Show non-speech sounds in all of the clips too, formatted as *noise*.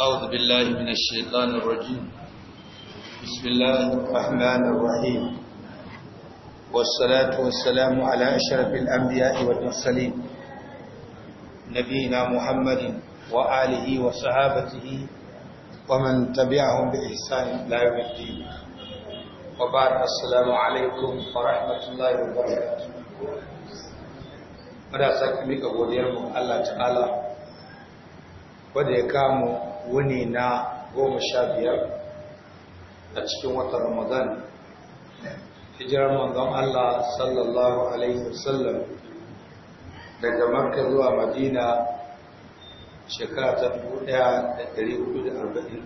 أعوذ بالله من الشيطان الرجيم بسم الله الرحمن الرحيم والصلاة والسلام على أشرف الأنبياء والمرسلين نبينا محمد وآله وصحابته ومن تبعهم بإحسان إلى يوم الدين وبعد السلام عليكم ورحمة الله وبركاته Mada sake mika godiyarmu Allah ta'ala wadda ya kamo wuni na goma sha biyar a cikin watan ramadan hijirar manzon Allah sallallahu alaihi wasallam daga marka zuwa madina shekara ta 1440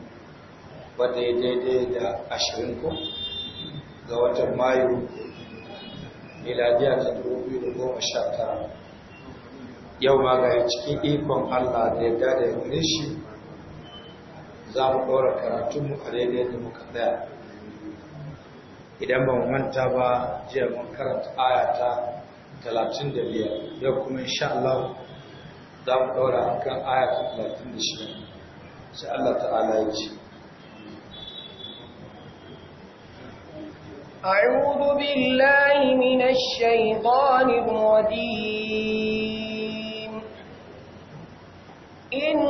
wadda ya daidai da ashirin ko ga watan mayu miladiya ta 2019 yau ma ga cikin ikon Allah da ya dada ya shi za mu ɗora karatunmu a daidai da muka tsaya idan ban manta ba jiya mun karanta ayata talatin da biyar yau kuma insha Allah za mu ɗora kan ayata talatin da shida sai Allah ta'ala ya ce أعوذ بالله من الشيطان الرجيم إن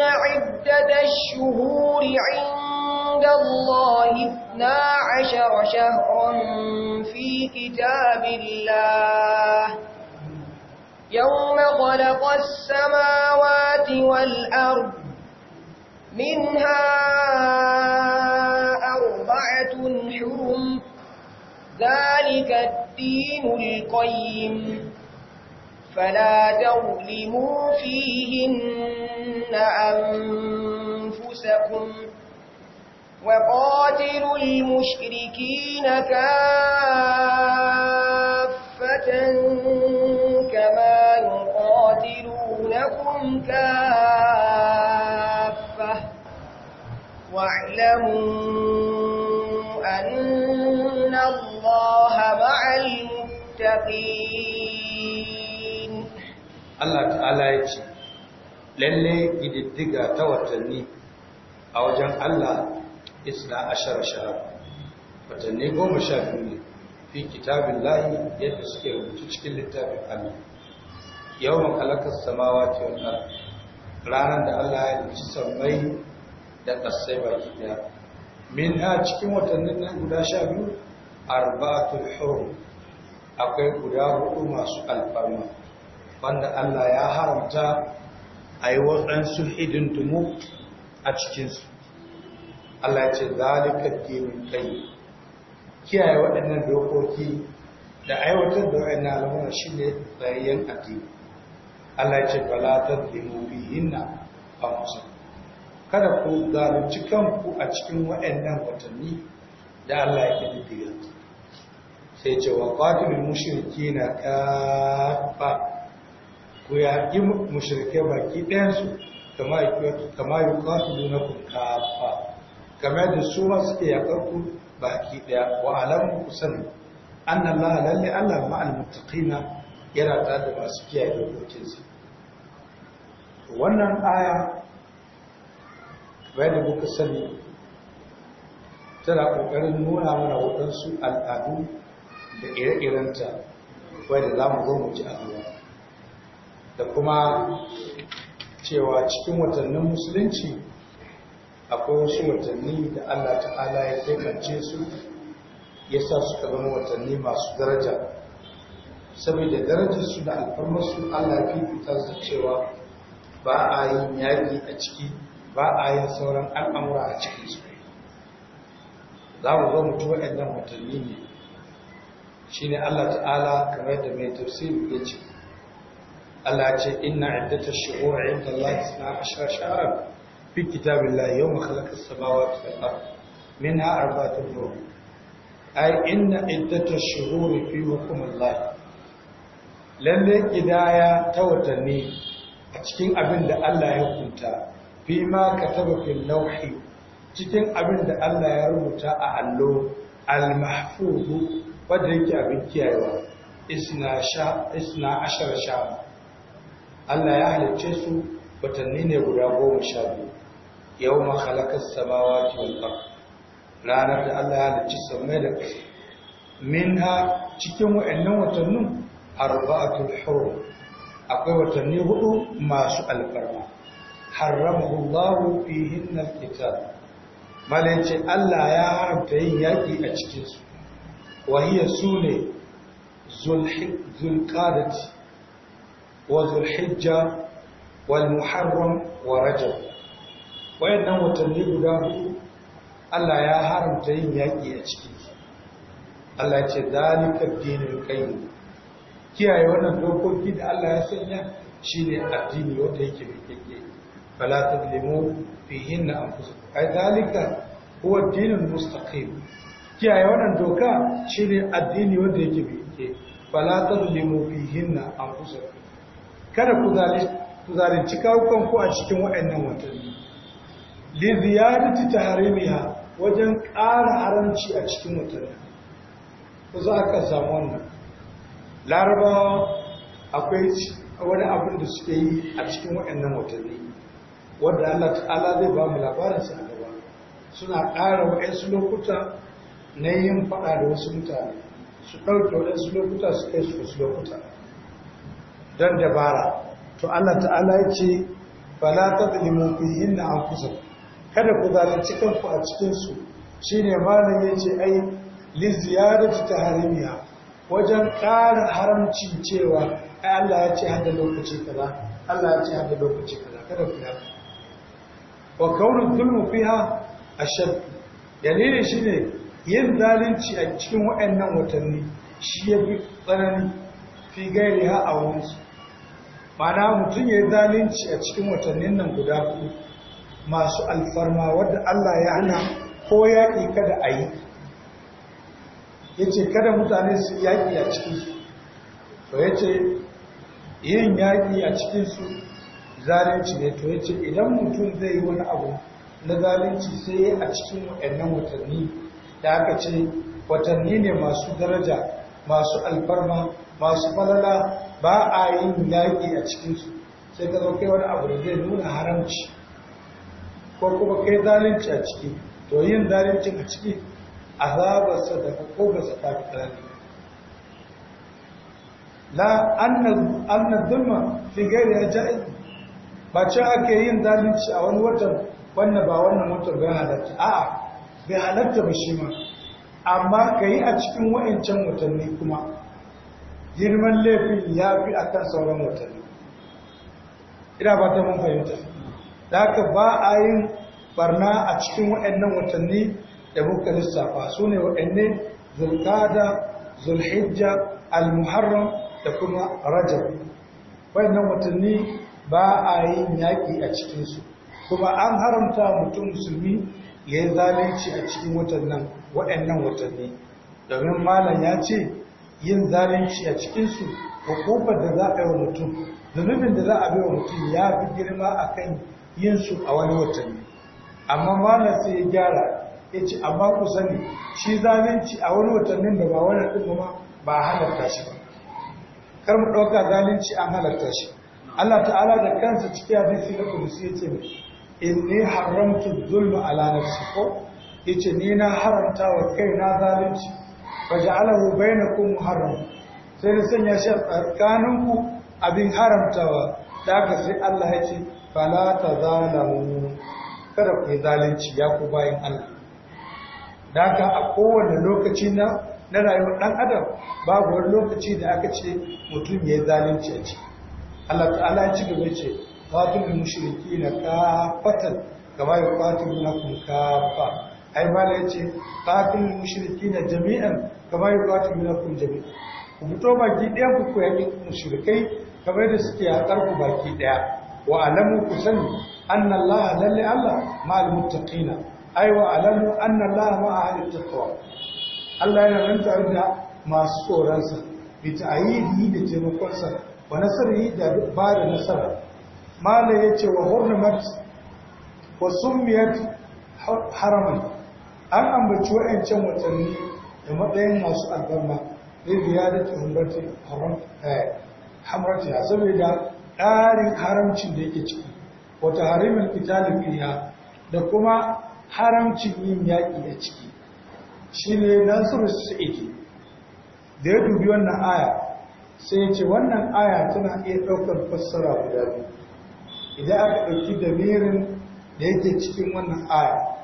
عدة الشهور عند الله اثنا عشر شهرا في كتاب الله يوم خلق السماوات والأرض منها أربعة حرم ذلك الدين القيم فلا تظلموا فيهن أنفسكم وقاتلوا المشركين كافة كما يقاتلونكم كافة واعلموا أن الله مع المتقين Allah ta'ala ya ce lalle gididdiga ta watanni a wajen Allah isna ashara shahar watanni goma sha biyu ne fi kitabin layi yadda suke rubutu cikin littafin Allah yawan halakar samawa ke wannan ranar da Allah ya rubuci sammai da ƙasai baki ɗaya min ha cikin watannin nan guda sha biyu arba'atul hurum akwai guda hudu masu alfarma wanda Allah ya haramta a yi waɗansu tumu a cikinsu Allah ya ce ke min kai kiyaye waɗannan dokoki da aiwatar da na alamuna shi ne tsayayyen addini Allah ya ce falatar bihin na a musu kada ku zalunci kanku a cikin waɗannan watanni da Allah ya ƙididdiga sai ce wa ƙwatilin mushriki na ƙafa ku yaƙi mushrike baki ɗayansu kama yi ƙasidu na kunkafa kama da su ma suke ku baki ɗaya wa alamu kusan an nan lalle allah ma'al mutaƙina yana ta da masu kiyaye dokokinsu. wannan aya bayan da kuka sani tana ƙoƙarin nuna mana waɗansu al'adu da ire-irenta da za mu zo mu ji a da kuma cewa cikin watannin musulunci akwai wasu watanni da Allah ta'ala ya taikance su ya sa su kaban watanni masu daraja saboda darajarsu da alfarmar su Allah fifita su cewa ba a yin yaƙi a ciki ba a yin sauran al'amura a cikinsu za mu zo mutu waɗannan watanni ne shi ne Allah ta'ala kamar da mai tafsiri ya ce Allah ce inna iddatash shuhur inda Allah isna ashara shahran fi kitabillah yawma khalaqa as-samawati wal ard minha arba'atun hurum ay inna iddatash shuhur fi hukm Allah lalle ƙidaya ta watanni a cikin abin da Allah ya hukunta fi ma ka taba fil lawhi cikin abin da Allah ya rubuta a allo al-mahfuz wanda yake abin kiyayewa isna sha isna ashara shahran Allah ya halicce su watanni ne guda goma sha biyu yau ma halakar samawa kiwon ranar da Allah ya halicci samai da ƙasa min ha cikin wa'annan watannin arba'atul hurum akwai watanni hudu masu alfarma fi fihin alqital malince Allah ya haramta yin yaƙi a cikinsu. su wahiya sune zulqadati wa hijja wal muharram wa rajab wayannan watanni guda hudu Allah ya haramta yin yaƙi a ciki Allah ce zalika dinul qayyim kiyaye wannan dokoki da Allah ya sanya shine addini wanda yake bikeke fala tadlimu fihinna anfusukum ai zalika huwa dinul mustaqim kiyaye wannan doka shine addini wanda yake bikeke fala tadlimu fihinna anfusukum kada ku zalunci kawukan ku a cikin waɗannan watanni li ta harimiya wajen ƙara haramci a cikin watanni ku za ka samu wannan larabawa akwai wani abin da suke yi a cikin waɗannan watanni wanda Allah ta'ala zai ba mu labarinsa a gaba suna ƙara waɗansu lokuta na yin faɗa da wasu mutane su ɗauke waɗansu lokuta su kai su wasu lokuta don dabara to Allah ta'ala ya ce fala na an kusa kada ku zalunci kanku a cikinsu su shine malam ce ai li ta harimiya wajen ƙara haramci cewa ai Allah ya ce hada lokaci kaza Allah ya ce hada lokaci kaza kada ku yi wa kaunu zulmu fiha ashad dalilin shine yin zalunci a cikin waɗannan watanni shi ya fi tsanani fi ha a wurinsu mana mutum ya yi zalunci a cikin watannin nan guda ku masu alfarma wadda Allah ya hana ko yaƙi kada a yi ya ce kada mutane su yaƙi a cikinsu to ya ce yin yaƙi a cikinsu zalunci ne to ya ce idan mutum zai yi wani abu na zalunci sai a cikin waɗannan watanni da aka ce watanni ne masu daraja masu alfarma masu falala ba a yin yaƙi a cikinsu sai ka zo kai wani abu da zai nuna haramci ko kuma kai zalunci a ciki to yin zalunci a ciki a zabarsa da kogarsa ta fi tsanani la anna zulma fi gari ya ja'i ba ce ake yin zalunci a wani watan wannan ba wannan watan bai halatta a'a bai halatta ba shi ma amma ka yi a cikin wa'ancan watanni kuma girman laifin ya fi a kan sauran watanni ina ba ta mun fahimta da aka ba a yin barna a cikin waɗannan watanni da muka lissafa su ne waɗanne zulkada zulhijja almuharram da kuma rajab waɗannan watanni ba a yi yaƙi a cikinsu kuma an haramta mutum musulmi ya yi zalunci a cikin watannan waɗannan watanni domin malam ya ce yin zalunci a cikinsu hukumar da za a yi wa mutum zunubin da za a bai wa mutum ya fi girma a kan yin a wani watanni amma mana sai ya gyara ya ce amma ku sani shi zalunci a wani watannin da ba wani ɗin kuma ba a halarta shi ba kar mu ɗauka zalunci an halarta shi Allah ta'ala da kansa cikin hadisi na kudusi ya ce inni haramtu zulma ala nafsi ko yace ni na haramta wa kaina zalunci faja'alahu bainakum muharram sai da sanya shi tsakaninku abin haramtawa daga sai Allah ya ce fala tazalamu kada ku zalunci ya ku bayin Allah daga a kowane lokaci na na rayuwar dan adam babu wani lokaci da aka ce mutum ya zalunci a ci. Allah ta'ala ya ci gaba ce qatilul mushrikeena kafatan kama yuqatilunakum kafa ai mala yace qatilul mushrikeena jami'an kamar yi kwatu mina kun jami ku fito baki ɗaya ku ku yaƙi shirkai kamar da suke a ku baki ɗaya wa alamu ku sani anna Allah lalle Allah ma'al muttaqina ai wa alamu anna Allah ma'a ahli taqwa Allah yana nan tare da masu tsoronsa bi yi da taimakonsa wa nasarihi da ba da nasara mala yace wa hurmat wa miyar haraman an ambaci wa'ancan watanni da matsayin masu albarma ya biya da tuhumbarci eh, saboda ɗarin haramcin da yake ciki wata harimin da fiya da kuma haramcin yin yaƙi da ciki shi ne nasiru su'iki da ya dubi wannan aya sai ce wannan aya tana iya ɗaukar fassara guda biyu idan aka ɗauki da damirin da yake cikin wannan aya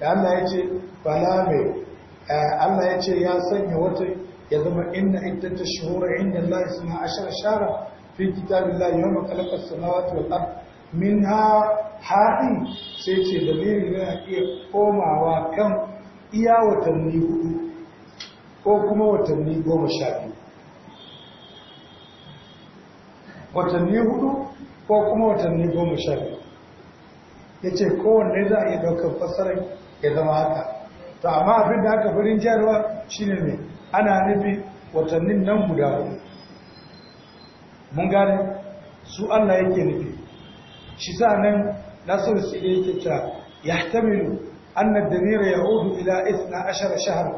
da Allah ya ce bala mai Eh, Allah ya ce ya sanya wata ya zama inna ta shahura inda Allah ya suna ashar shara fi yawon yawma khalaqa samawati wata min ha haɗi sai ce da dalilin yana iya komawa kan iya watanni hudu ko kuma watanni goma sha biyu watanni hudu ko kuma watanni goma sha biyu ya ce kowanne za a iya ɗaukar fasarar ya zama haka to amma abin da aka farin jayarwa shine ne ana nufi watannin nan guda hudu mun gane su Allah yake nufi shi sa nan nasiru su yake cewa yahtamilu anna damira ya'udu ila 12 shahar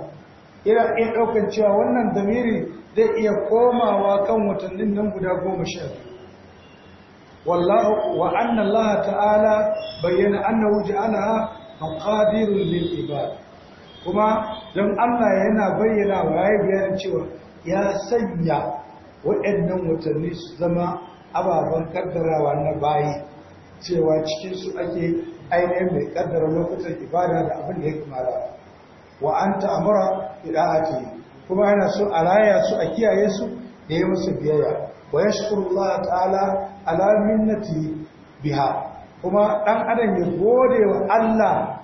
ira iya daukan cewa wannan damiri zai iya komawa kan watannin nan guda goma wallahu wa anna Allah ta'ala bayyana annahu ana maqadirun lil ibad kuma don Allah yana bayyana wa ya bayanin cewa ya sanya waɗannan watanni su zama ababen kaddarawa na bayi cewa cikin su ake ainihin mai kaddara lokutan ibada da abin da ya kamata wa an ta'amura yi. kuma yana so a raya su a kiyaye su da ya musu biyayya wa ya Allah ta'ala ala minnati biha kuma dan adam ya gode wa Allah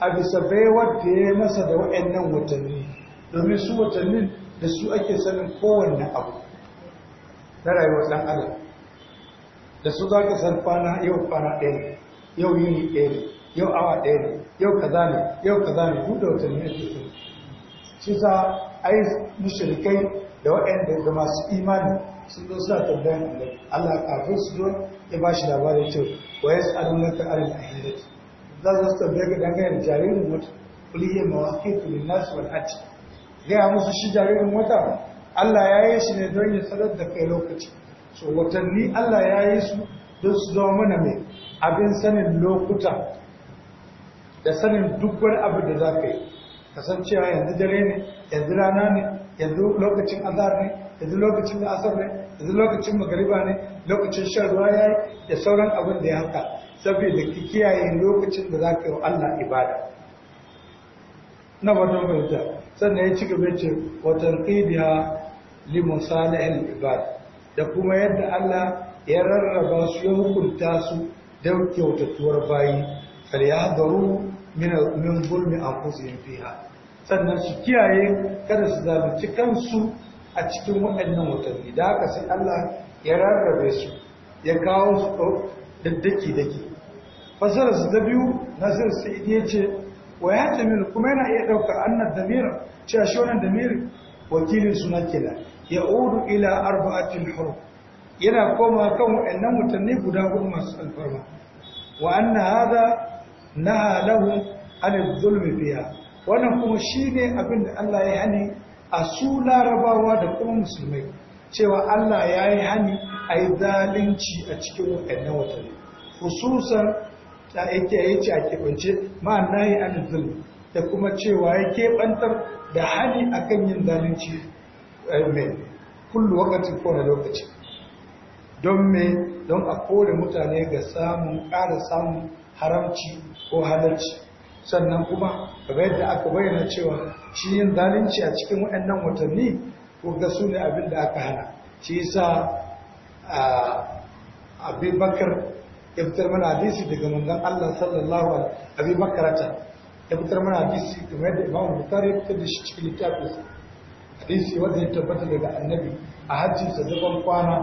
a bisa baiwar da ya masa da nan watanni domin su watannin da su ake sanin kowanne abu na rayuwar ɗan adam da su za ka san kwana yau kwana ɗaya ne yau ne ɗaya ne yau awa ɗaya ne yau kaza ne yau kaza ne duk da watanni ake Su shi sa yi mushrikai da waɗanda da masu imani sun zo suna tambayan Allah kafin su zo ya ba shi labarin cewa wa yas'alunaka arin ahirati za su su tambaye ka dangane da jaririn wata kuliye mawaƙi lillahi wal hajji gaya musu shi jaririn wata Allah ya yi shi ne don ya sadar da kai lokaci so watanni Allah ya yi su don su zama mana mai abin sanin lokuta da sanin duk wani abu da za ka yi kasancewa yanzu dare ne yanzu rana ne yanzu lokacin azar ne yanzu lokacin asar ne yanzu lokacin magariba ne lokacin shan ruwa ya yi da sauran abin da ya haka saboda ki kiyaye lokacin da za ka yi wa Allah ibada na wajen sannan ya ci gaba ce watan ƙidiya limun salihin ibada da kuma yadda Allah ya rarraba su ya hukunta su don kyautatuwar bayi falyadaru min a anfusihim fiha sannan su kiyaye kada su zalunci kansu a cikin waɗannan watanni da haka sai Allah ya rarrabe su ya kawo su oh, daddaki daki Fasarar ta biyu nasir sa'id ya ce wa ya tamil kuma yana iya ɗauka annar damir cewa shi wannan damir wakilin suna kila ya uru ila arba'atil haru yana koma kan waɗannan mutane guda gudu masu alfarma wa na hada na halahu an zulmi biya wannan kuma shine abin da Allah ya hani a su larabawa da kuma musulmai cewa Allah ya yi hani a yi zalunci a cikin waɗannan watanni hususan da yake ce a kebance ma'ana yi an zulmi da kuma cewa ya kebantar da hali kan yin zalunci eh, mai kullu wakati ko na lokaci don me don a kore mutane ga samun ƙara samun haramci ko halarci sannan kuma kamar yadda aka bayyana cewa shi yin zalunci a cikin waɗannan watanni ko ga su ne abin da aka hana shi yasa ah, abubakar ya mana hadisi daga manzon Allah sallallahu alaihi wasallam abi bakarata ya mana hadisi kamar da Imam Bukhari ya da shi cikin littafin hadisi wanda ya tabbata daga annabi a Hajji sa daban kwana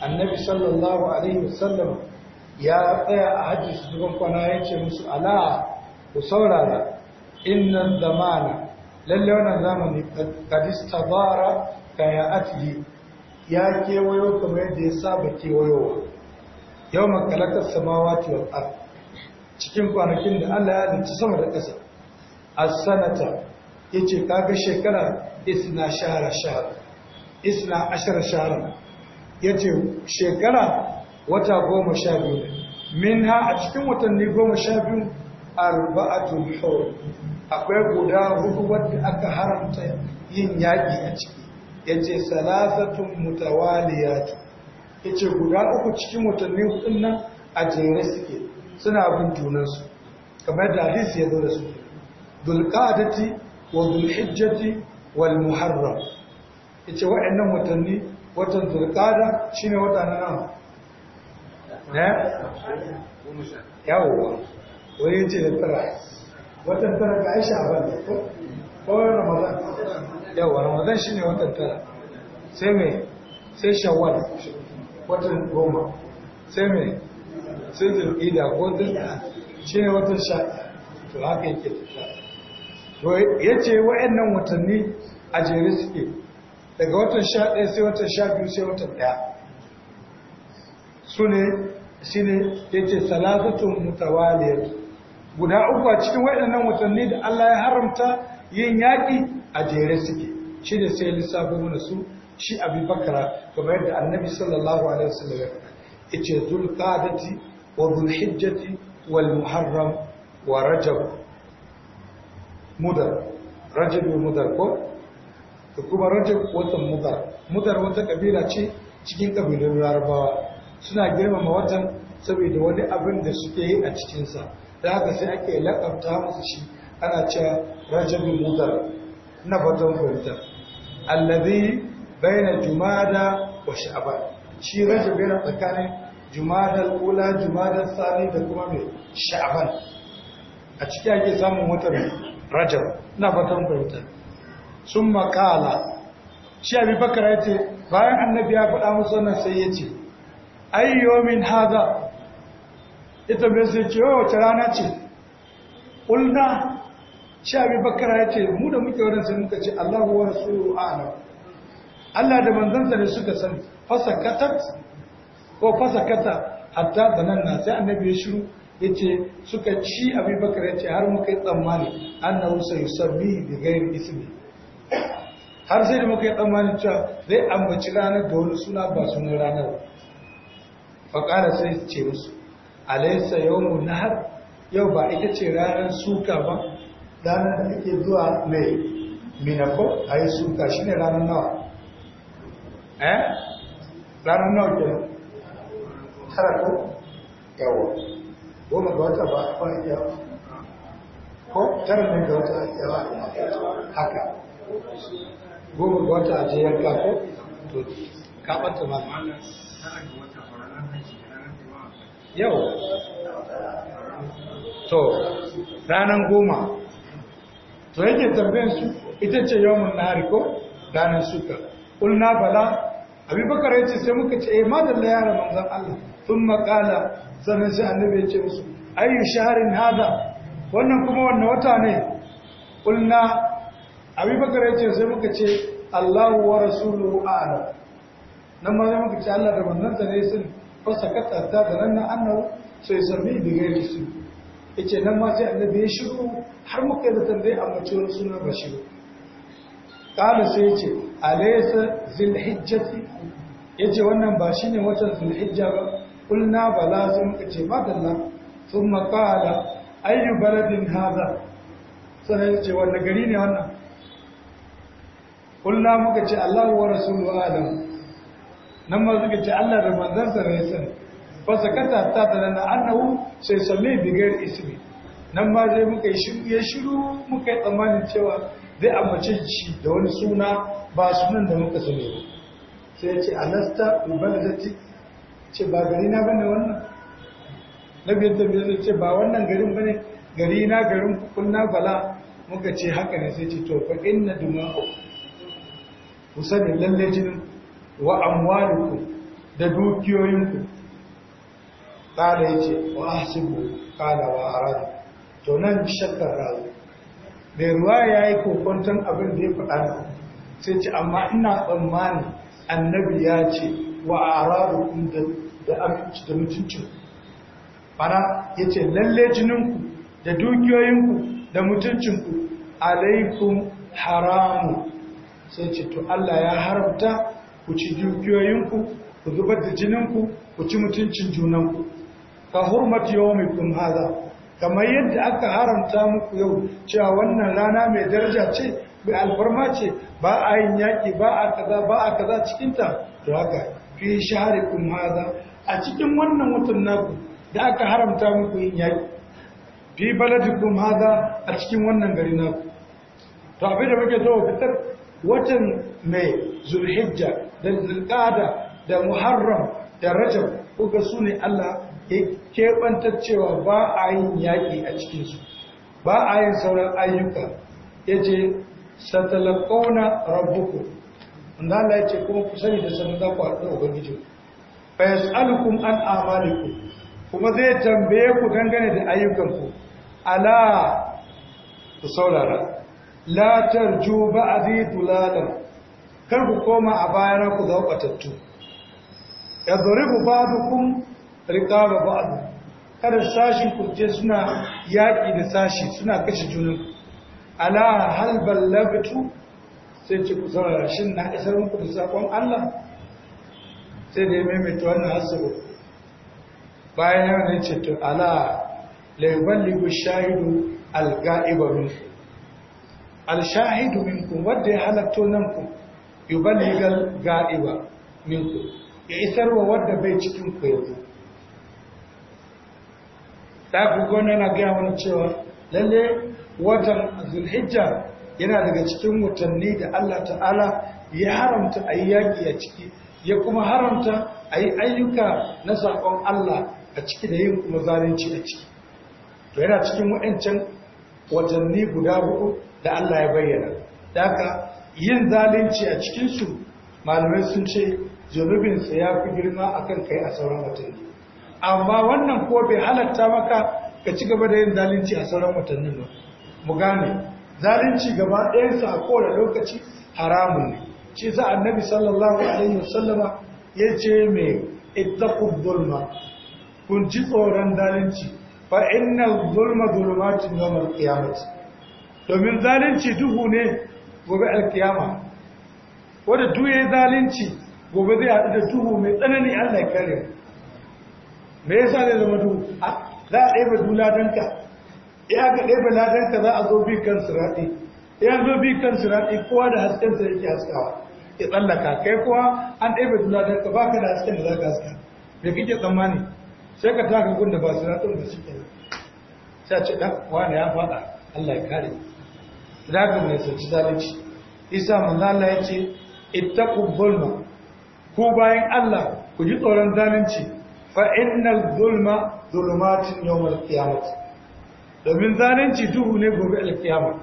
annabi sallallahu alaihi wasallam ya tsaya a Hajji sa daban kwana ya ce musu ala ku saurara innan zamana lalle wannan zamani kadista bara kaya'atihi ya kewayo kamar yadda ya saba kewayowa yau makalakar samawati wal ard cikin kwanakin da Allah ya halicci sama da ƙasa as-sanata yace kaga shekara isna shahara shahara isna ashara shahara yace shekara wata goma sha biyu minha a cikin watanni goma sha biyu arba'atul hur akwai guda hudu wadda aka haramta yin yaƙi a ciki yace salasatun mutawaliyatu yace guda uku cikin watanni hudun nan a jere suke suna bin junansu kamar da hadisi ya zo da su dulqadati wa dulhijjati wal muharram yace waɗannan mutane watan dulqada shine wata nan ne eh? yawo wani yace da tara watan tara ga Aisha ban ko ko Ramadan yawo Ramadan shine watan tara sai me sai Shawwal watan goma sai mai sai zulƙida ko kodin shi ne watan sha to haka yake tafiya to ya ce wa'annan watanni a jere suke daga watan sha ɗaya sai watan sha biyu sai watan ɗaya su ne shi ne ya ce salatutun mutawaliyar guda uku a cikin nan watanni da Allah ya haramta yin yaƙi a jere suke shi ne sai lissafo mana su shi abu bakara kamar yadda annabi sallallahu alaihi wasallam ya faɗa zul qadati wa hijjati wal muharram wa rajab mudar rajab mudar ko to kuma rajab watan mudar mudar wata kabila ce cikin kabilun larabawa suna girmama watan saboda wani abin da suke yi a cikinsa da haka sai ake lakabta musu shi ana cewa rajab mudar na fatan fahimta allazi bayan jumada wa sha'ban shi rajab yana tsakanin jumada al-ula sani da kuma mai sha'ban a ciki ake samun watan rajab ina fatan fahimta sun makala shi abi bakar ya ce bayan annabi ya faɗa musu wannan sai ya ce ayyomin haza ita bai sai ce wace rana ce ƙulna shi abi bakar ya ce mu da muke sai muka ce allahu wa rasulu a'lam Allah da manzansa ne suka san fasakatat ko fasakata hatta na, sai annabi ya shiru yace suka ci abubakar yace har muka yi tsammani annahu sabbi da gairin ismi har sai da muka yi tsammanin cewa zai ambaci ranar da wani suna ba sunan ranar faƙara sai ce musu alaisa yau nahar yau ba ita ce ranar suka ba ranar da ake zuwa mai minako a yi suka shi ne ranar nawa eh ranar tara ko yawa goma ga ba fara iya ko tara haka goma a ko to ma yau to ranar goma to yake tambayar su ita ce yawon nari ko ranar suka ƙulna bala abubakar ya ce sai muka ce eh madalla yara manzan Allah sun makala sannan sai annabi ya ce musu ayyu shaharin hada wannan kuma wannan wata ne ƙulna abubakar ya ce sai muka ce Allahu wa rasuluhu a'lam nan ma muka ce Allah da manzansa ne sun fasa azza da nan na annahu sai sami da su. su ce nan ma sai annabi ya shiru har muka yi da tambaye a mace wani suna ba shiru kada sai ce a laisa zilhijjati ya ce wannan ba shi ne watan zulhijja ba ƙulna bala sun kace madalla sun maƙala ayyu baladin haza sannan ya ce wanda gari ne wannan kulna muka ce allah wa rasulu adam nan ma suka ce allah da manzansa ne sani ba su kata ta tana na annahu sai salli bigar ismi nan ma zai muka yi shiru muka yi tsammanin cewa zai ambace shi da wani suna ba sunan da muka sani ba sai ya ce alasta ubalzati ce ba gari na bane wannan nabi biyar da biyar ce ba wannan garin bane gari na garin kunna bala muka ce haka ne sai ce to fa inna duma'u ku sani lalle jin wa amwalukum da dukiyoyinku kada yace wa asibu kada wa aradu to nan shakkar razu mai ruwa ya yi kokonton abin da ya faɗa sai ce amma ina tsammani annabi ya ce wa a inda da da mutuncin mana ya ce lalle jininku da dukiyoyinku da mutuncinku alaikum haramu sai ce to Allah ya haramta ku ci dukiyoyinku ku zubar da jininku ku ci mutuncin junanku ka mai kuma haza kamar yadda aka haramta muku yau cewa wannan rana mai daraja ce mai alfarma ce ba a yin yaƙi ba a kaza ba a kaza cikinta to haka fi shaharikum haza a cikin wannan watan naku da aka haramta muku yin yaƙi fi baladikum haza a cikin wannan gari naku to abin da muke zo fitar watan mai zulhijja da zulqa'da da muharram da rajab kuka su ne Allah Eh, keɓantar cewa ba a yin yaƙi a cikinsu ba a yin sauran ayyuka ya ce satalakona rabuku wanda Allah ya ce kuma ku sani da sanin za ku haɗu ubangiji fa yas'alukum an amaliku kuma zai tambaye ku dangane da ayyukanku ala ku saurara la tarju ba'di dulalan kar ku koma a bayan ku zaukatattu yadribu ba'dukum rikaba ba'd kada sashin kurje suna yaki da sashi suna kashe junan ala hal ballagtu sai ce ku saurara shin na isar muku da sakon Allah sai da ya maimaita wannan hasabu bayan yana ne ce to ala la yuballighu shahidu al-ga'iba minku. al minkum wadda ya halatto nan ku yuballighu al-ga'iba minkum ya isarwa wanda bai cikin ku yanzu da ku gona na gaya mana cewa lalle watan zulhijja yana daga cikin watanni da Allah ta'ala ya haramta a yi yaƙi a ciki ya kuma haramta a yi ayyuka na saƙon Allah a ciki da yin kuma zalunci a ciki to yana cikin waɗancan watanni guda hudu da Allah ya bayyana da yin zalunci a cikinsu malamai sun ce zunubinsa ya fi girma akan kai a sauran watanni amma wannan ko bai halatta maka ka ci gaba da yin zalunci a sauran watannin ba mu gane zalunci gaba su a kowane lokaci haramun ne shi za a nabi sallallahu alaihi wasallama ya ce mai ittaqud zulma kun ji tsoron zalunci fa inna zulma zulumatun yawm al domin zalunci duhu ne gobe alkiyama wanda duye zalunci gobe zai haɗu da duhu mai tsanani Allah ya kare mu me yasa ne zama duhu a za a ɗaya du ladanka ya ga ɗaya ladanka za a zo bi kan siraɗi ya zo bi kan siraɗi kowa da hasken sa yake haskawa ya tsallaka kai kowa an ɗaya du ladanka ba ka da hasken da za ka haska me kike tsammani sai ka taka gunda da ba siraɗin da suke sai ce ɗan wani ya faɗa Allah ya kare za mai sauci zalunci isa manzala ya ce ittaqul zulma Ku bayan Allah ku ji tsoron zalunci fa'innal zulma zulumatin yawmal qiyamah domin zalunci duhu ne gobe alkiyama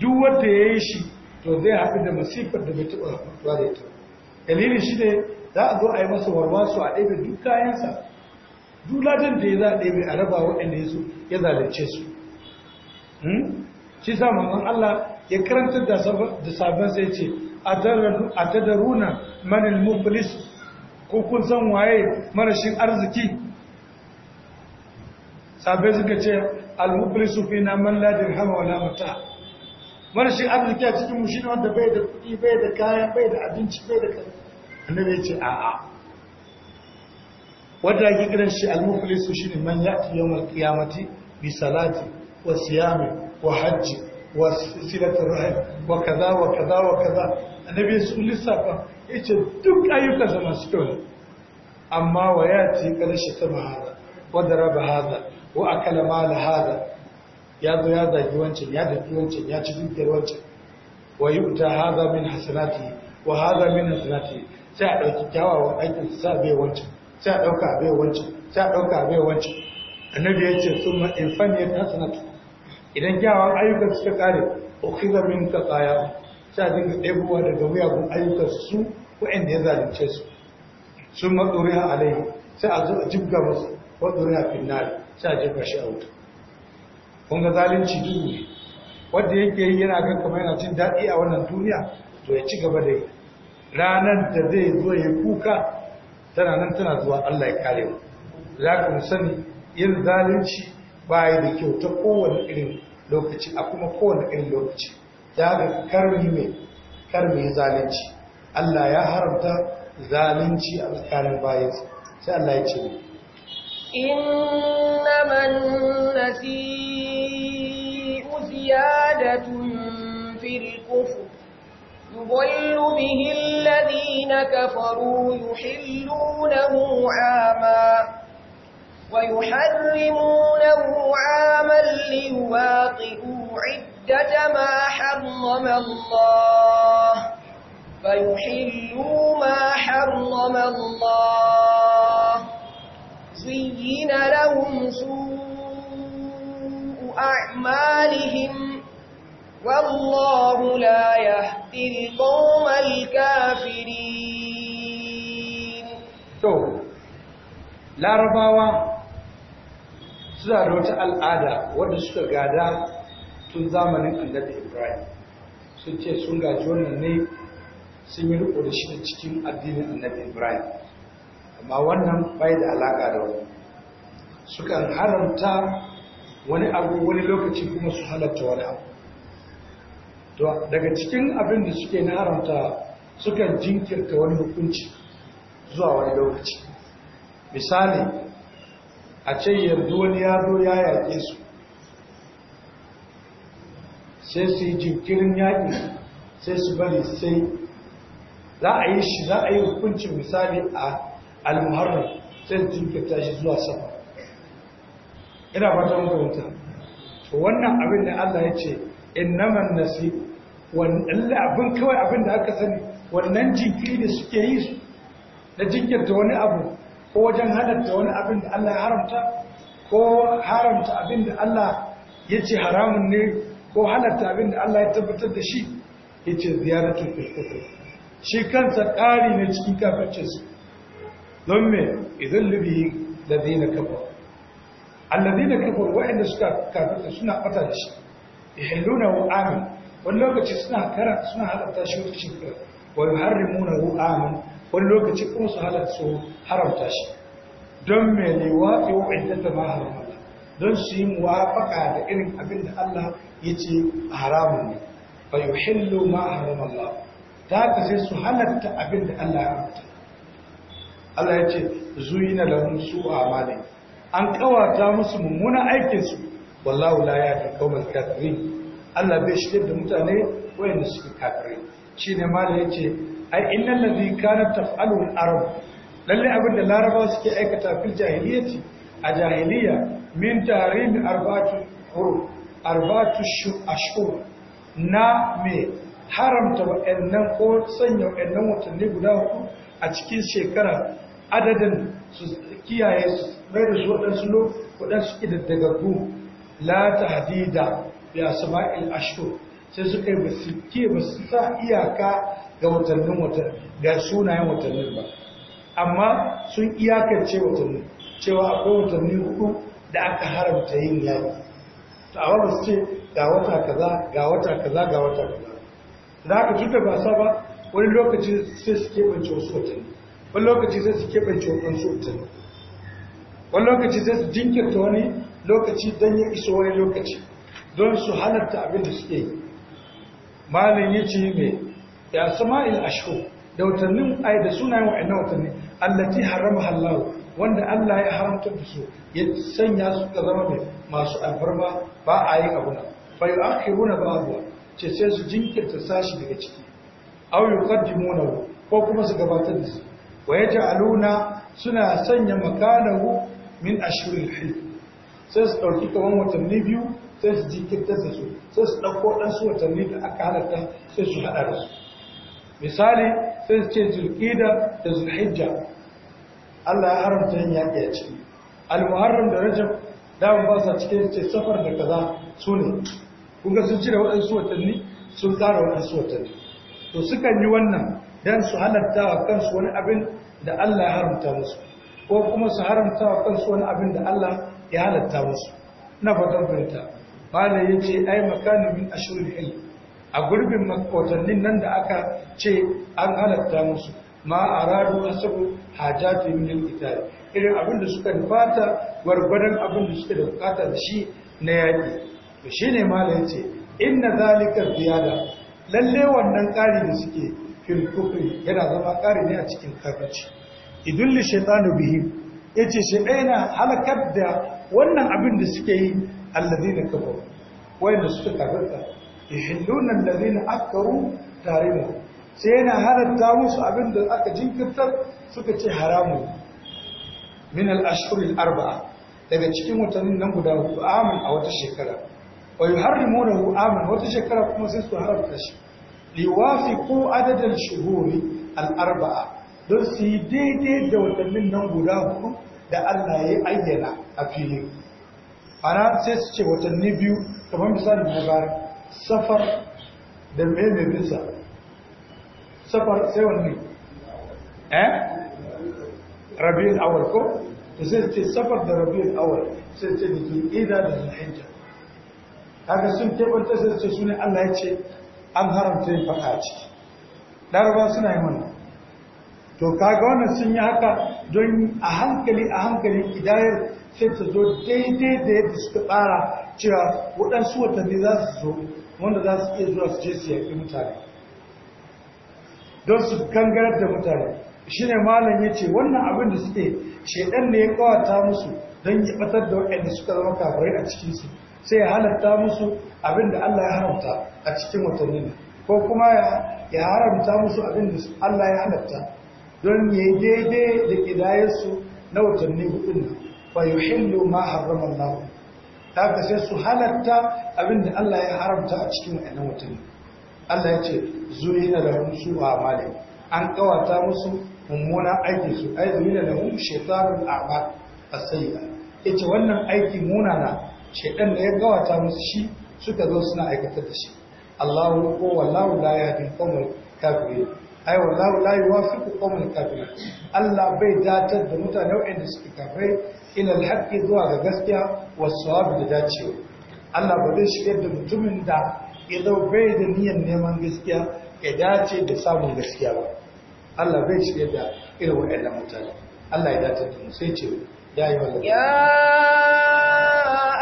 duk wanda yi shi to zai haɗu da masifar da bai taɓa haɗuwa da ita dalilin shi ne za a zo a yi masa warwasu a ɗebe duk kayansa duk ladan da ya za a ɗebe mai araba waɗanda ya ya zalunce su hmm? shi sa mamman Allah ya karanta da sabon sai ce a tadaruna manil muflis ko kun san waye marashin arziki sabai suka ce al-muflisu fi na man la dirhama wala mata marashin arziki a cikin mu shine wanda bai da kuɗi bai da kaya bai da abinci bai da kaza annabi ya ce a'a wanda yake kiran shi al-muflisu shine man ya'ti yawmal qiyamati bi salati wa siyami wa hajji wa silati rahim wa kaza wa kaza wa kaza annabi su lissafa ya ce duk ayyukansa masu kyau amma wa ya ce shi ta bahada wadda raba hada wa kalama da hada ya zo ya zagi wancan ya tafi wancan ya ci dukiyar wancan wa yi uta hada min hasanati wa hada min hasanati sai a ɗauki kyawawan aikin sa bai wancan sai a ɗauka bai wancan sai a ɗauka bai wancan annabi ya ce sun ma infaniyar hasanati idan kyawawan ayyukan suka kare ukhidha min tsaya. sha dinga ɗebowa daga miyagun ayyukan su waɗanda ya zalunce su sun maɗori a alai sai a zo a jibga masu waɗori a finnari sai a jibga shi a wuta kun ga zalunci duhu ne wanda yake yi yana kan kamar yana cin daɗi a wannan duniya to ya ci gaba da yi ranar da zai zo ya kuka tana nan tana zuwa Allah ya kare mu za ku sani yin zalunci baya da kyau ta kowane irin lokaci a kuma kowane irin lokaci da haka karmi mai zalunci Allah ya haramta zalunci a tsakanin bayansa sai Allah ya ce innaman nasi'u ziyadatun fil kufr يضل به الذين كفروا يحلونه عاما ويحرمونه عاما ليواطئوا عدة عدة ما حرم الله فيحلوا ما حرم الله زين لهم سوء أعمالهم والله لا يهدي القوم الكافرين تو larabawa suna da wata al'ada wadda suka gada tun zamanin annabi ibrahim sun ce sun gaji wannan ne sun yi riko da shi cikin addinin annabi ibrahim amma wannan bai da alaka da wani sukan haramta wani abu wani lokaci kuma su halatta wani abu to daga cikin abin da suke na haramta sukan jinkirta wani hukunci zuwa wani lokaci misali a ce yanzu wani ya ya yaƙe su sai su yi jinkirin yaƙi sai su bari sai za a yi shi za a yi hukuncin misali a almuharram sai su jinkirta shi zuwa sama. ina fata muka to wannan abin da Allah ya ce naman nasi wannan abin kawai abin da aka sani wannan jinkiri da suke yi su na jinkirta wani abu ko wajen halatta wani abin da Allah ya haramta ko haramta abin da Allah ya ce haramun ne ko halatta abin da Allah ya tabbatar da shi ya ce ziyaratun firkufir shi kansa ƙari ne cikin kafincinsu don me idan lubi da zina kafa allazi da kafa waɗanda suka kafinta suna ɓata da shi ya halluna wa amin wani lokaci suna kara suna halatta shi wata shekara wa yi harrimuna wa amin wani lokaci kuma su halatta su haramta shi don me ne waɗe ta ma haramta don su yi muwafaƙa da irin abin da Allah yace haramun ne fa yuhillu ma harama Allah da ka sai su halatta abin da Allah ya haramta Allah yace zuyina lahum su'a amali an kawata musu mummuna aikin su wallahu la yahdi qawmal kafirin Allah bai shirye da mutane wayanda suke kafirai shine malam yace ai innal ladhi kanat taf'alu al-arab lalle abin da larabawa suke aikata fil jahiliyyati a jahiliya min tarim arba'ati huruf arbatu ashur na mai haramta wa'annan ko sanya wa'annan watanni guda hudu a cikin shekara adadin su kiyaye su mai da su waɗansu lo waɗansu daga la ta hadida ya il ashur sai suka yi basu ke basu sa iyaka ga watannin watanni ga sunayen watannin ba amma sun iyakance watannin cewa akwai watanni hudu da aka haramta yin yaki amma ba su ce ga wata kaza ga wata kaza ga wata kaza da haka tuta ba sa ba wani lokaci sai su keɓance wasu watanni wani lokaci sai su keɓance wasu watanni wani lokaci sai su jinkirta wani lokaci don ya iso wani lokaci don su halatta abin da suke malin ya ce mai ya sama il ashu da watannin ai da sunayen wa'annan watanni allati harama hallahu wanda Allah ya haramta da su ya sanya su ka zama mai masu alfarma ba a yi abu nan fa yi ba ba'dhu ce sai su jinkirta sashi daga ciki aw muna ko kuma su gabatar da su wa yaj'aluna suna sanya hu min ashirin hil sai su dauki kamar watanni biyu sai su jinkirta da su sai su dauko dan su watanni da aka halatta sai su haɗa da su misali sai su ce zulqida da zulhijja Allah ya haramta yin yaƙi a ciki al-muharram da rajab dama ba sa cikin ce safar da kaza su ne kun sun cire waɗansu watanni sun tsara waɗansu watanni to sukan yi wannan don su halatta wa kansu wani abin da Allah ya haramta musu ko kuma su haramta wa kansu wani abin da Allah ya halatta musu na fatan fahimta bala ya ce ai makani min ashirin hil a gurbin watannin nan da aka ce an halatta musu ma a a asabu hajjati min al irin abin da suka nufata gwargwadon abin da suka da bukata da shi na yaƙi to shi ne mala ya ce inna zalikar biyada lalle wannan ƙari da suke fil kufri yana zama ƙari ne a cikin kafirci idulli shaitanu bihi ya ce ɗaya na halakar da wannan abin da suke yi allazi na kafa wayanda suka kafirta yahilluna allazina akaru tare da sai yana halatta musu abin da aka jinkirtar suka ce haramun min al arba'a daga cikin watannin nan guda hudu amin a wata shekara Wai wa yuharrimunahu amin wata shekara kuma sai su haramta shi liwafiqu adadal shuhuri al-arba'a don su yi daidai da watannin nan guda hudu da Allah ya yi ayyana a fili ana sai su ce watanni biyu kamar misali na bara safar da mai bisa safar sai wanne eh rabi'ul awal ko to sai ce safar da rabi'ul awal sai ce zulqa'da da zulhijja kaga sun tabbata sai ce sunan Allah ya ce an haramta yin fada ciki daraba suna yi wannan to kaga wannan sun yi haka don a hankali a hankali idayar sai ta zo daidai da yadda suka ɓara cewa waɗansu watanni za su zo wanda za su iya zuwa su je su yaƙi mutane don su gangarar da mutane shine malam ce wannan abin da suke shaidan ne ya kawata musu don ya batar da waɗanda suka zama kafirai a cikinsu sai ya halatta musu abin da Allah ya haramta a cikin watanni ko kuma ya haramta musu abin da Allah ya halatta don ya daidai da ƙidayensu na watanni hudun nan fa hindu ma harrama Allah ta ka sai su halatta abin da Allah ya haramta a cikin waɗannan watanni Allah ya ce da musu wa malik an kawata musu mummunan aikin su yi zuwa da hum shaytanul a as-sayyi'a ce wannan aiki munana shekar da ya gawata musu shi suka zo suna aikata da shi Allahu ko wallahu la ya fi qawmal kafiri ai wallahu la yuwaffiqu qawmal kafiri Allah bai datar da mutane waɗanda suke kafai ilal al zuwa ga gaskiya wasu sawab da dacewa Allah ba zai shigar da mutumin da ya zo bai da niyan neman gaskiya ya dace da samun gaskiya ba Allah bai shigar da irin waɗannan mutane Allah ya dace da mu sai ce ya yi wallahi ya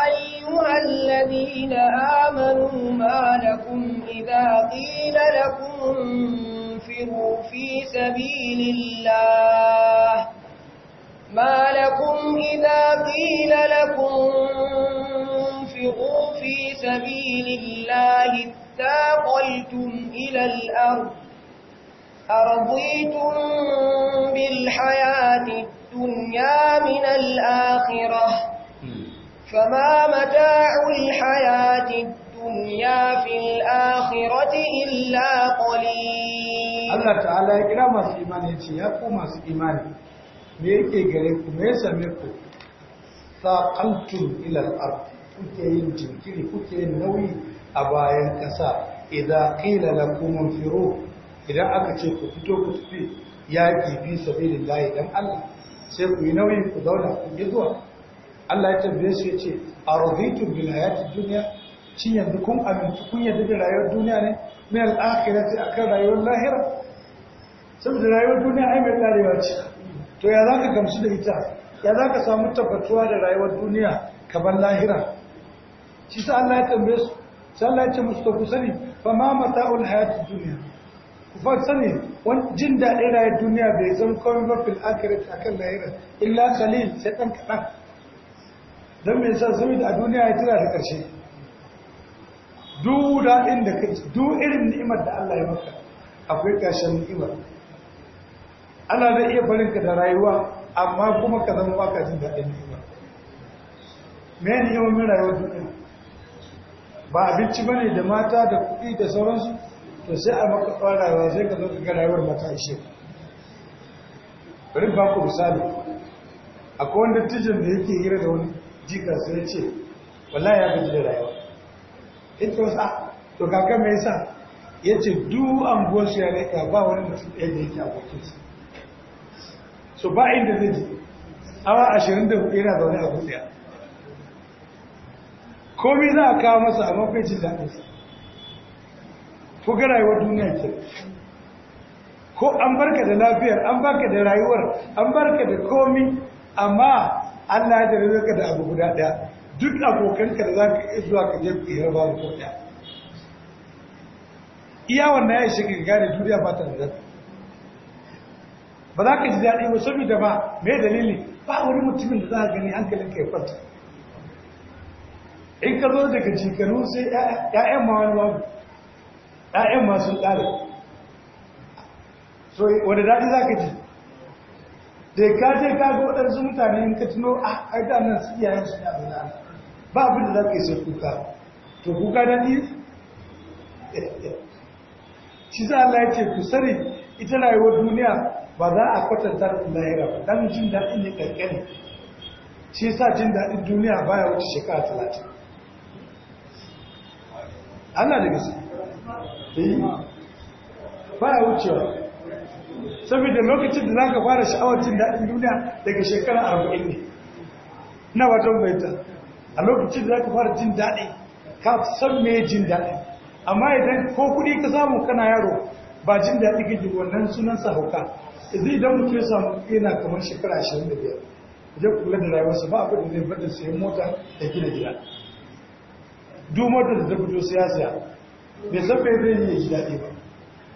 ayyuhal ladina amanu ma lakum idza qila lakum firu fi sabilillah ما لكم إذا قيل لكم انفقوا في سبيل الله اثاقلتم إلى الأرض أرضيتم بالحياة الدنيا من الآخرة فما متاع الحياة الدنيا في الآخرة إلا قليل الله تعالى إكرام السيمان في إيمان يقول ما في إيمان ميكي يسميكم ثاقلتم إلى الأرض كتين yin كتين نوي أبايا كسا إذا قيل لكم انفروه idan aka ce ku fito ku tafi yaƙi bi sabilin layi dan Allah sai ku yi nauyi ku zauna ku yi zuwa Allah ya tambaye su ya ce a rahitu bil hayati duniya shi yanzu kun amintu kun yadda da rayuwar duniya ne min ce a kan rayuwar lahira saboda rayuwar duniya ai mai karewa ce to ya za ka gamsu da ita ya za ka samu tabbatuwa da rayuwar duniya kamar lahira shi sa Allah ya tambaye su sai Allah ya ce musu ku sani fa ma mata'ul hayati duniya ku sani wani jin daɗin rayuwar duniya bai zan kawai mafi fil a kan lahira illa kalil sai ɗan kaɗan don mai sa saboda a duniya ya tura da ƙarshe duk daɗin da kai du irin ni'imar da Allah ya maka akwai ƙarshen ni'imar ana da iya barin ka da rayuwa amma kuma ka zama ba ka jin daɗin ni'imar me ne yawan rayuwar duniya ba abinci bane da mata da kuɗi da sauransu to sai a maka farawa sai ka zo ka ga rayuwar mata ishe bari ba ku misali akwai wani dattijan da yake hira da wani jika sai ya ce wallahi ya gaji da rayuwa ita wasa to kaka mai sa ya ce duk anguwar su ya rika ba wani mutum ɗaya da yake abokinsa so ba inda zai ji awa ashirin da hudu yana zaune a hudu komi za a kawo masa a mafi jin daɗinsa ko ga rayuwar duniya ce ko an barka da lafiyar an barka da rayuwar an barka da komi amma Allah ya da ka da abu guda daya duk abokanka da za ka zuwa ka je ku yarba da kuɗa iya wannan ya shiga ga gane duniya ba ta da ba za ka ji daɗi ba saboda ba mai dalili ba wani mutumin da za ka gani hankalin ka ya in ka zo daga jikanu sai ‘ya'yan ma wani babu ɗa’yan masu ɗari. so wadda daɗi za ka ji da ka je ka waɗansu mutane in ka tuno a ah, haida nan su iyayen su na zana ba abin da za ka yi sai kuka to kuka daɗi shi za Allah ya ce ku sani ita rayuwar duniya ba za a kwatanta da lahira ba dan jin daɗi ne ƙarƙari shi sa jin daɗin duniya baya wuce shekara talatin ana da gaske Eh? baya wucewa saboda lokacin da za ka fara sha'awar cin daɗin duniya daga shekara arba'in ne na watan baita a lokacin da za ka fara jin daɗi ka san me jin daɗi amma idan ko kuɗi ka samu kana yaro ba jin daɗi kake wannan sunan sahauka hauka zai idan mutu ya samu yana kamar shekara ashirin da biyar idan kula da su ba a da zai bada sayan mota da gina gida duk motar da ta fito siyasa bai san bai zai yi ji daɗi ba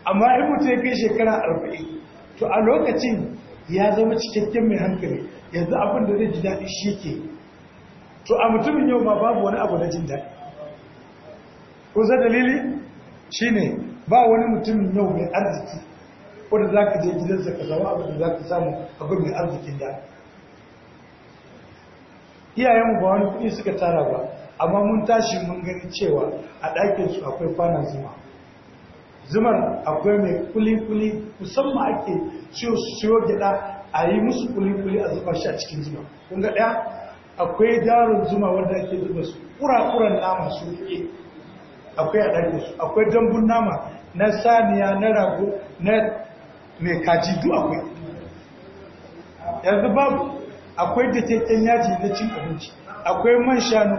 amma in mutu ya kai shekara arba'in to a lokacin ya zama cikakken mai hankali yanzu abin da zai ji daɗi shi ke to a mutumin yau ma babu wani abu na jin daɗi kusa dalili shi ne ba wani mutumin yau mai arziki da za ka je gidansa ka zama abin da za ka samu abin mai arzikin daɗi iyayenmu ba wani kuɗi suka tara ba amma mun tashi mun gani cewa a ɗakin su akwai kwana zuma Zuma akwai mai kuli-kuli musamman ake ciwo gida a yi musu kuli-kuli a zuba shi a cikin zuma kun ga ɗaya akwai darin zuma wanda ake zuba su kura-kuran nama su fiye akwai a ɗakin su akwai dambun nama na saniya na rago na mai kaji duk akwai yanzu babu akwai da teken yaji na cin abinci akwai man shanu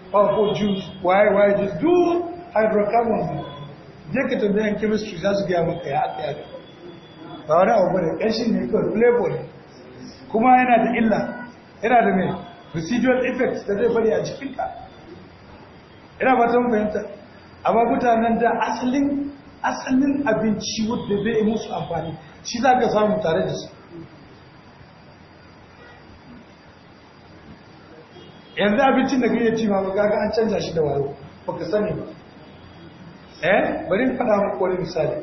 powerful juice Why, why this? Do hydrocarbon je ka tambayan chemistry za su gaya maka ya aka yada ba wani abu bane ƙanshin ne kawai flavor kuma yana da illa yana da mai residual effect da zai bari a ka. ina ba ta fahimta amma mutanen da asalin asalin abinci wadda zai musu amfani shi za ka samu tare da su yanzu abincin da kake ci ma gaga an canza shi da wayo ba ka sani ba eh bari in faɗa muku wani misali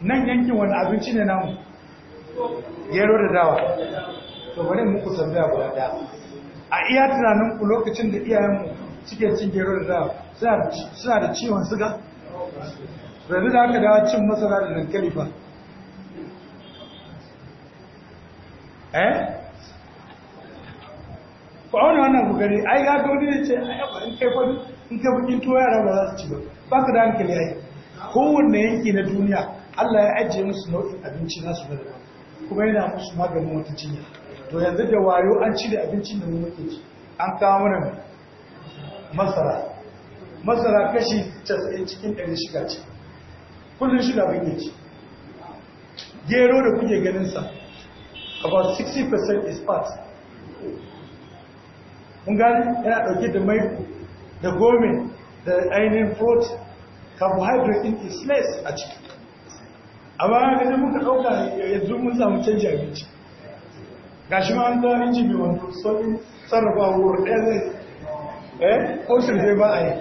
nan yankin wani abinci ne namu gero da dawa to bari muku tambaya guda da. a iya tunanin ku lokacin da iyayenmu suke cin gero da dawa suna da ciwon suga rabi da aka dawa cin masara da dankali ba eh ku auna wannan ku ai ga dole ne ce ai ba in kai fa in kai bukin tuwa yara ba za su ci ba ba ka da hankali ai kowanne yanki na duniya Allah ya ajiye musu nau'in abinci na na daban kuma yana musu maganin wata cinya to yanzu da wayo an ci da abincin da mu muke ci an kawo mana masara masara kashi 90 cikin 100 shiga ce kullun shiga muke ci gero da kuke ganin sa about 60% is fat mun gani yana dauke da mai da gomin da ainihin protein carbohydrate din is less a ciki amma ga da muka ɗauka yanzu mun samu canji abinci ga shi ma an zuwa inji mai wanda sauƙin sarrafa wurin ɗaya zai eh ocean zai ba a yi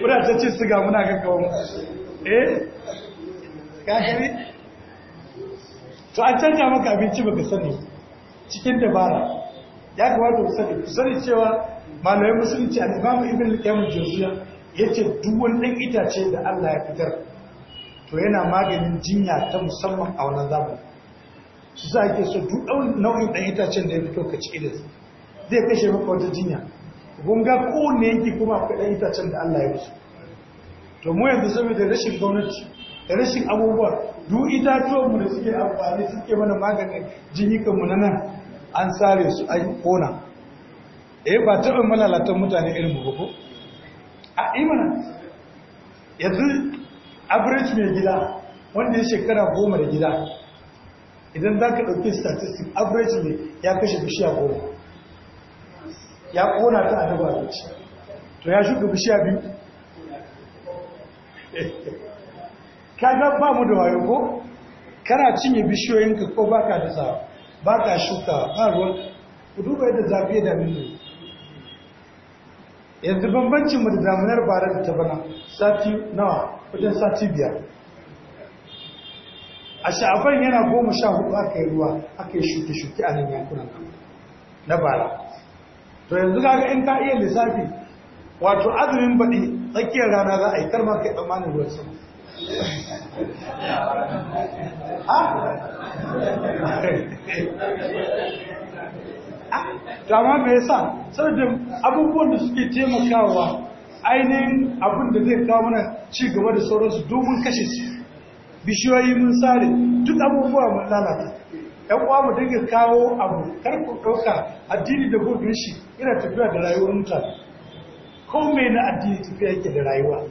muna ta ci siga muna gaggawa mu eh gashiri to an canja maka abinci baka sani cikin dabara ya kamata ku sani ku sani cewa malamai musulunci a imam ibin al-qayyim ya ce duwun duk wani itace da Allah ya fitar to yana maganin jinya ta musamman a wannan su za sa ke so duk nau'in ɗan itacen da ya fito ka da su. zai kashe maka wata jinya Gunga, kowane yanki kuma akwai ɗan itacen da Allah ya musu to mu yanzu saboda rashin gwamnati da rashin abubuwa duk itatuwan mu da suke amfani suke mana maganin jinyukan mu na nan an sare su a kona eh ba taɓa malalatan mutane irin ba ko a imana yanzu average mai gida wanda ya shekara goma da gida idan za ka ɗauki statistic average ne ya kashe bishiya goma ya ƙona ta a daba abinci to ya shuka bishiya biyu *laughs* ka ga ba mu da wayo ko kana cinye bishiyoyinka ko baka da tsawo ba ka shuka ba ruwan ku duba yadda zafi da mini yanzu bambancin mu da zamanar bara da ta bana sati nawa wajen sati biyar a sha'afan yana goma sha hudu aka yi ruwa aka yi shuke-shuke a nan yankunan na bara to yanzu kaga in ka iya lissafi wato azumin baɗi tsakiyar rana za a yi karma kai tsammanin ruwan sama dama ah! ah! mai sa saboda abubuwan da suke taimakawa ainihin abin da zai kawo mana ci gaba da sauransu domin kashe su bishiyoyi mun sare duk abubuwa mun lalata ‘yan uwa mu dinga kawo abu karku ɗauka addini da gobe shi yana tafiya da rayuwar mutane ko mai na addini tafiya yake da rayuwa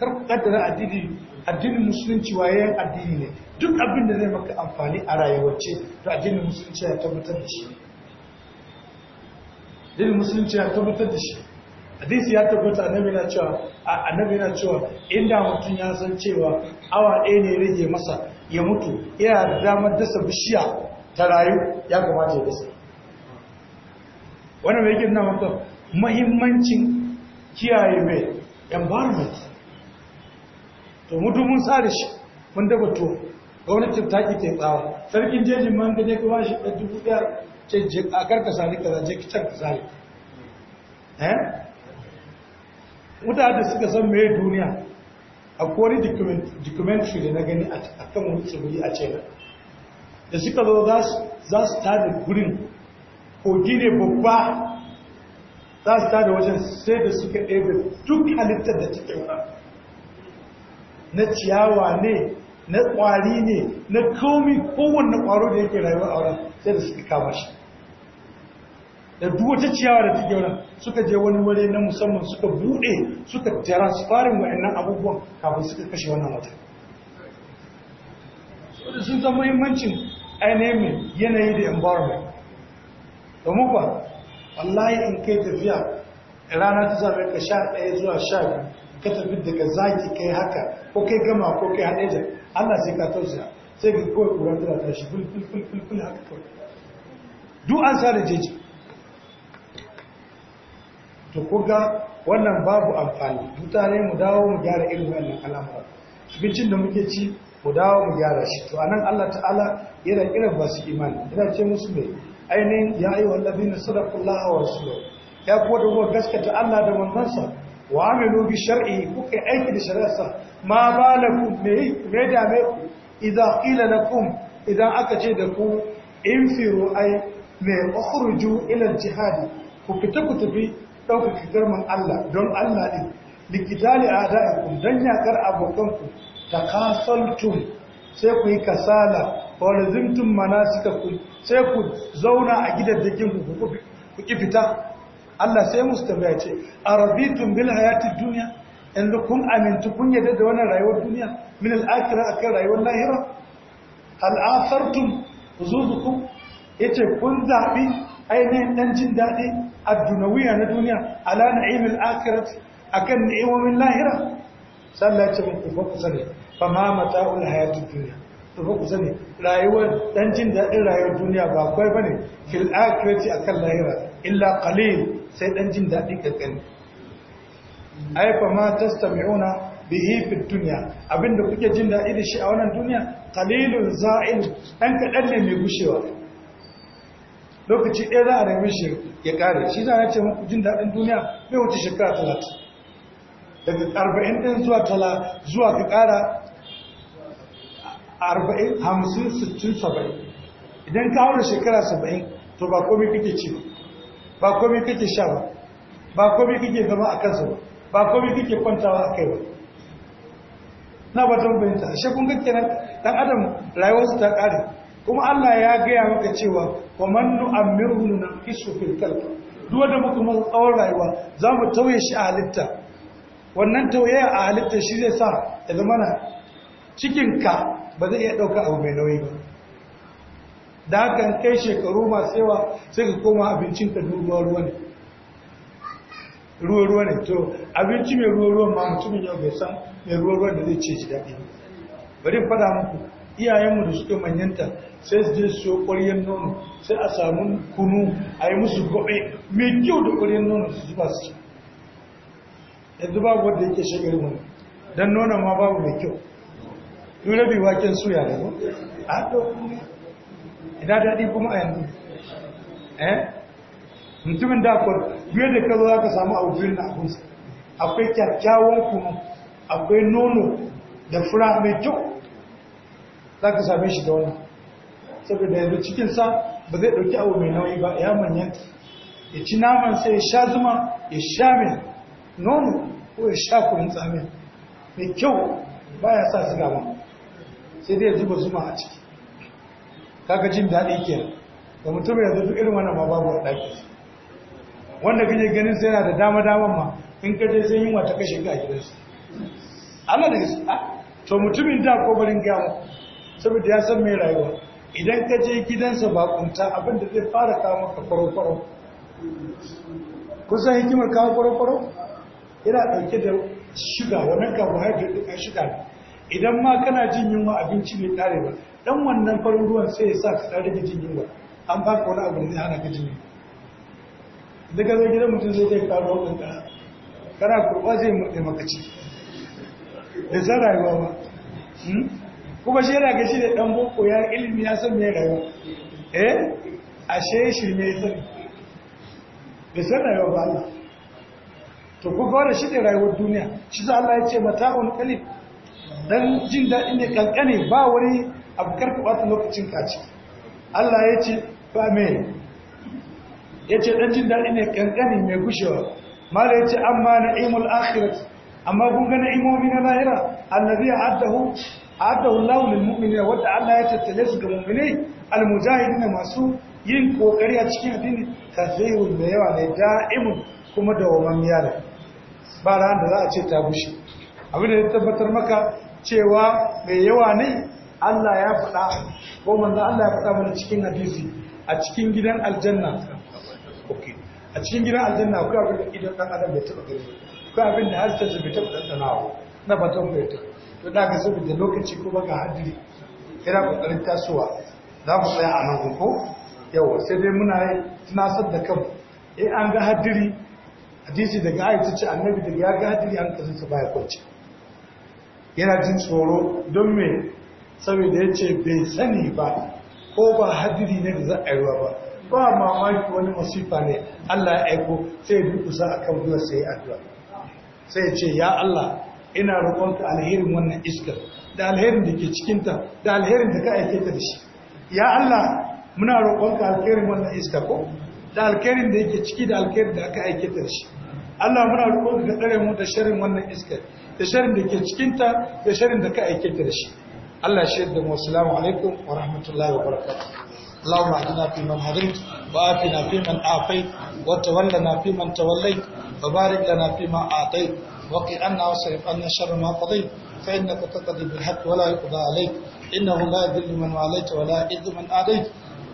kar ku kaddara addini addinin musulunci waye addini ne duk abin da zai maka amfani a rayuwarce to addinin musulunci ya tabbatar da shi addinin musulunci ya tabbatar da shi hadisi ya tabbata annabi na cewa annabi na cewa inda mutum ya san cewa awa ɗaya ne rage masa ya mutu yana da damar dasa bishiya ta rayu ya kamata ya dasa wannan mai gina maka muhimmancin kiyaye mai environment to mutu mun sare shi mun daba to gwamnatin ta ki tai tsawa sarkin jejin man da ne kuma shi da dubu biyar ce je a karka sare kaza je ki can ka sare eh da suka san me duniya akwai wani documentary da na gani a kan wani tsibiri a ce da suka zo za su tada gurin kogi ne babba za su tada wajen sai da suka ɗaya da duk halittar da cikin wani na ciyawa ne na ƙwari ne na komi kowanne ƙwaro da yake rayuwa a wurin sai da suka kama shi da duk wata ciyawa da take wurin suka je wani wuri na musamman suka bude, suka transferin wa'annan abubuwan kafin suka kashe wannan wata sun zama muhimmancin ainihin yanayi da environment domin ba wallahi in kai tafiya rana ta zama ka sha ɗaya zuwa sha biyu ka tafi daga zaki kai haka ko kai gama ko kai haɗeja Allah sai ka tausaya sai ka kawai ƙura tana tashi fulfulfulful haka kawai duk an sa da jeji to kuga wannan babu amfani mutane mu dawo mu gyara irin wannan al'amuran abincin da muke ci mu dawo mu gyara shi to anan Allah ta'ala yana irin ba su imani yana ce musu ne ainihin ya ayyuhal ladina sadaqallaha wa rasuluhu ya kuwa da gaskata Allah da manzansa wa amilu bi shar'i kuka aiki da shari'arsa ma balakum me me da ku idan qila lakum idan aka ce da ku infiru ai me ukhruju ila jihadi ku fita ku tafi ɗaukaka girman Allah don Allah din likitali a'da'ikum dan yakar abokanku takasaltum sai ku yi kasala wa lazimtum manasikakum sai ku zauna a gidajen ku ku fita Allah sai musu ya ce araditum bil hayatid dunya in kun amintu kun yadda da wannan rayuwar duniya min al akhirah akan rayuwar lahira hal asartum huzuzukum yace kun zabi ainihin dan jin dadi ad-dunyawiya na duniya ala na'imil akhirah akan ni'imomin lahira sallah ce mun ku sani fa ma mata'ul hayatid dunya to ku sani rayuwar dan jin dadin rayuwar duniya ba kai bane fil akhirati akan lahira illa qalil sai dan jin dadi kakan ai fa ma tastami'una bihi fi dunya abinda kuke jin dadi da shi a wannan duniya qalilun za'il dan kadan ne mai gushewa lokaci ɗaya za a rayu shi ya kare shi za a ce muku jin dadin duniya bai wuce shekara talatin daga arba'in ɗin zuwa tala zuwa ka ƙara arba'in hamsin sittin saba'in idan ka haura shekara saba'in to ba komai kake ci ba ba komai kake sha ba ba komai kake zama a kansa ba ba komai kake kwantawa a kai ba na ba don bayanta a kun ga kenan dan adam rayuwarsu ta kare kuma Allah ya gaya maka cewa wa man nu'ammiru na fil filkal duwa da muka tsawon rayuwa za mu tauye shi a halitta wannan tauyaya a halitta shi zai sa ya zama na cikinka ba zai iya ɗauka abu mai nauyi ba da haka kai shekaru masu yawa sai ka koma abincin ka ruwa ruwa ne ruwa ruwa ne to abinci mai ruwa ruwa ma mutumin yau bai san mai ruwa ruwa da zai ce ji daɗi bari fada muku iyayenmu da suka manyanta sai su je su so ƙwaryar nono sai a samu kunu a yi musu gobe mai kyau da ƙwaryar nono su zuba su ci yanzu babu wanda yake shagari mu don nonon ma babu mai kyau yau rabi waken suya da ba a ɗauki ina daɗi kuma a eh mutumin da kwar biyar da ka zo za ka samu abu biyar na akwai kyakkyawan kunu akwai nono da fura mai kyau za ka same shi da wani saboda yanzu cikinsa ba zai ɗauki abu mai nauyi ba ya manyanta ya ci naman sai ya sha zuma ya sha mai nono ko oh, ya sha kunun tsamin mai kyau ba ya sa siga sai dai zuba zuma a kaka jin daɗi ke da mutum ya zafi irin wannan ma babu a ake su wanda kaje ganin sai yana da dama daman ma in ka je sai yunwa wata kashe ga gidansu ana da gaske to mutumin da ko barin gamu saboda ya san mai rayuwa idan ka je gidansa ba kunta abin da zai fara kawo maka kwaro-kwaro kusan hikimar kawo kwaro-kwaro yana ɗauke da shuga wannan carbohydrate ɗin shuga idan ma kana jin yunwa abinci mai ba dan wannan farin ruwan sai ya sa ka rage da jin yunwa an ba ka wani abu da zai hana ka Daga yunwa da ka gidan mutum zai kai karo ɗin ka kana kurwa zai murɗe maka ciki da san rayuwa ba hmm? kuma shi yana gashi da ɗan boko ya ilimi ya san mai rayuwa eh ashe shi ne ya san da san rayuwa ba Allah to kuka fara shi da rayuwar duniya shi za Allah ya ce mata'un qalil dan jin daɗi ne kankane ba wani abu ka ba lokacin kaci Allah ya ce ba me ya ce ɗan jin daɗi ne ƙanƙani mai gushewa mala ya ce amma imul akhirat amma kun ga na'imomi na lahira allazi addahu addahu Allahu lil mu'minina wanda Allah ya tattale su ga mu'mini al na masu yin kokari a cikin addini kafirun da yawa ne da'imun kuma da dawamammiya ne ba ran da za a ce ta bushe abin da ya tabbatar maka cewa mai yawa ne Allah ya faɗa ko manzo Allah ya faɗa mana cikin hadisi a cikin gidan aljanna okay a cikin gidan aljanna ku ga gidan idan dan adam bai taba gani ga abin da har sai bai taba dandanawa na fatan bai ta to da ga da lokaci ko baka hadiri ina kokarin tasowa za mu tsaya a nan ko yawa sai dai muna yi tunasar da kanmu eh an ga hadiri hadisi daga ayyuka ce annabi daga ya ga hadiri an kasance baya kwance yana jin tsoro don me saboda ya ce bai sani ba ko ba hadiri ne da za a yi ba ba mamaki wani masifa ne Allah ya aiko sai duk kusa a kan ruwa sai ya addu'a sai ya ce ya Allah ina roƙonka alherin wannan iskar da alherin da ke cikinta da alherin da ka aike ta da shi ya Allah muna roƙonka alherin wannan iskar ko da alherin da yake ciki da alherin da aka aike ta da shi Allah muna roƙonka ka tsare mu da sharrin wannan iskar da sharrin da ke cikinta da sharrin da ka aike ta da shi الله shi والسلام عليكم ورحمة الله وبركاته اللهم اهدنا فيمن هديت وآتنا فيمن آفيت وتولنا فيمن توليت وبارك لنا فيما أعطيت وقنا واصرف أن شر ما قضيت فإنك تقضي بالحق ولا يقضى عليك إنه لا يذل من واليت ولا يعز من آديت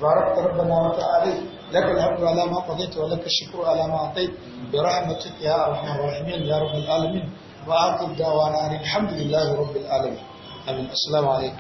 باركت ربنا وتعالى لك الحمد على ما قضيت ولك الشكر على ما أعطيت برحمتك يا أرحم الراحمين يا رب العالمين وآخر عن الحمد لله رب العالمين amin assalamu alaikum